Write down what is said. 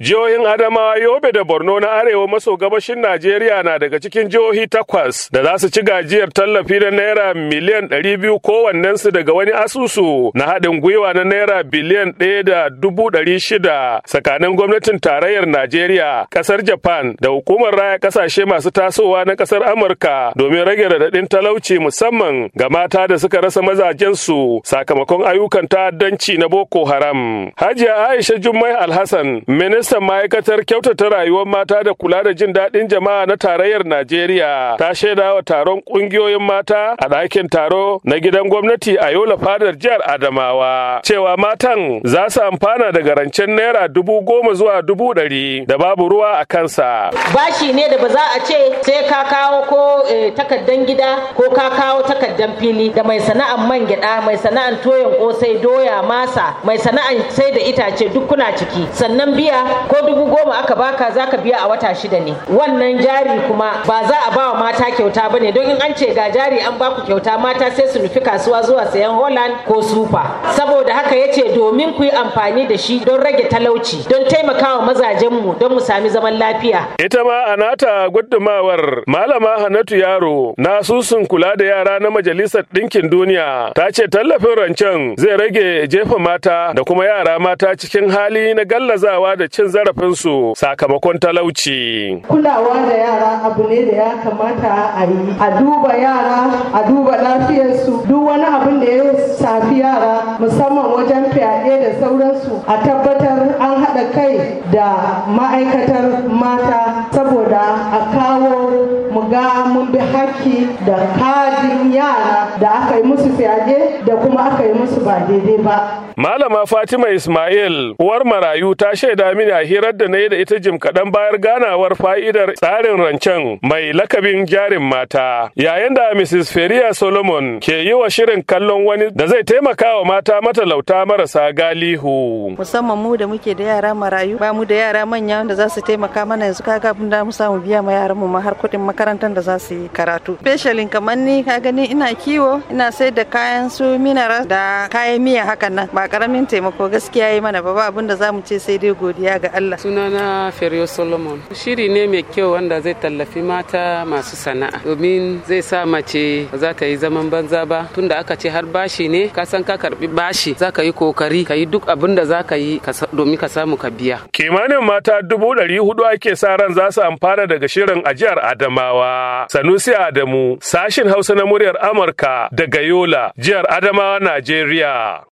Jihohin Adamawa, Yobe da Borno na Arewa maso gabashin Najeriya na daga cikin jihohi takwas da za su ci gajiyar tallafi na Naira miliyan ɗari biyu kowannensu daga wani asusu na haɗin gwiwa na Naira biliyan ɗaya da dubu ɗari shida tsakanin gwamnatin tarayyar Najeriya, ƙasar Japan da hukumar raya ƙasashe masu tasowa na ƙasar Amurka domin rage raɗaɗin talauci musamman ga mata da suka rasa mazajensu sakamakon ayyukan ta'addanci na Boko Haram. Hajiya Aisha Jummai Alhassan, minista Ministan ma'aikatar kyautata rayuwar mata da kula da jin daɗin jama'a na tarayyar Najeriya ta shaida wa taron ƙungiyoyin mata a ɗakin taro na gidan gwamnati a Yola Fadar jihar Adamawa cewa matan za su amfana daga rancen naira dubu goma zuwa dubu ɗari da babu ruwa a kansa. Bashi ne da ba za a ce sai ka kawo ko kawo eh, takaddan gida ko ka kawo takaddan fili da mai sana'an man gyada mai sana'an toyon kosai doya masa mai sana'an sai da itace duk kuna ciki sannan biya ko dubu goma aka baka zaka biya a wata shida ne wannan jari kuma ba za a ba wa mata kyauta bane don in an ce ga jari an baku kyauta mata sai su nufi kasuwa zuwa sayan holland ko sufa saboda haka yace domin ku yi amfani da shi don rage talauci don taimakawa mazajenmu don mu sami zaman lafiya. Ita ma a nata gudumawar Malama Hanatu Yaro na asusun kula da yara na Majalisar Ɗinkin Duniya ta ce tallafin rancen zai rage jefa mata da kuma yara mata cikin hali na gallazawa da cin zarafinsu sakamakon talauci. Kulawa da yara abu ne da ya kamata a yi. A duba yara, a duba lafiyarsu, duk wani abin da ya safi yara musamman wajen fyaɗe da sauransu a tabbatar da ma'aikatar mata saboda a kawo mu ga mun bi haƙƙi da kajin yara da aka yi musu fyaɗe da kuma aka yi musu ba daidai ba. Malama Fatima Ismail, uwar marayu ta shaida mini a hirar da na yi da ita jim kaɗan bayar ganawar fa'idar tsarin rancen mai lakabin jarin mata. Yayin da Mrs. Feria Solomon ke yi wa shirin kallon wani da zai taimaka wa mata matalauta marasa galihu. Musamman mu da muke da yara marayu rayu ba mu da yara manya wanda za su taimaka mana yanzu kaga mun da mu samu biya ma yaran mu ma har kuɗin makarantar da za su yi karatu specialin kamar ni ka gani ina kiwo ina sai da kayan su minara da kayan miya hakan nan ba karamin taimako gaskiya yi mana ba ba abin da za mu ce sai dai godiya ga Allah sunana Ferio Solomon shiri ne mai kyau wanda zai tallafi mata masu sana'a domin zai sa mace ba za ta yi zaman banza ba tunda aka ce har bashi ne ka san ka karbi bashi za ka yi kokari ka yi duk abin da za ka yi domin ka samu ka biya Kimanin mata dubu ɗari hudu ake sa ran za su amfana daga shirin ajiyar Adamawa. Sanusi Adamu, sashin Hausa na muryar Amurka daga Yola, jihar Adamawa, Najeriya.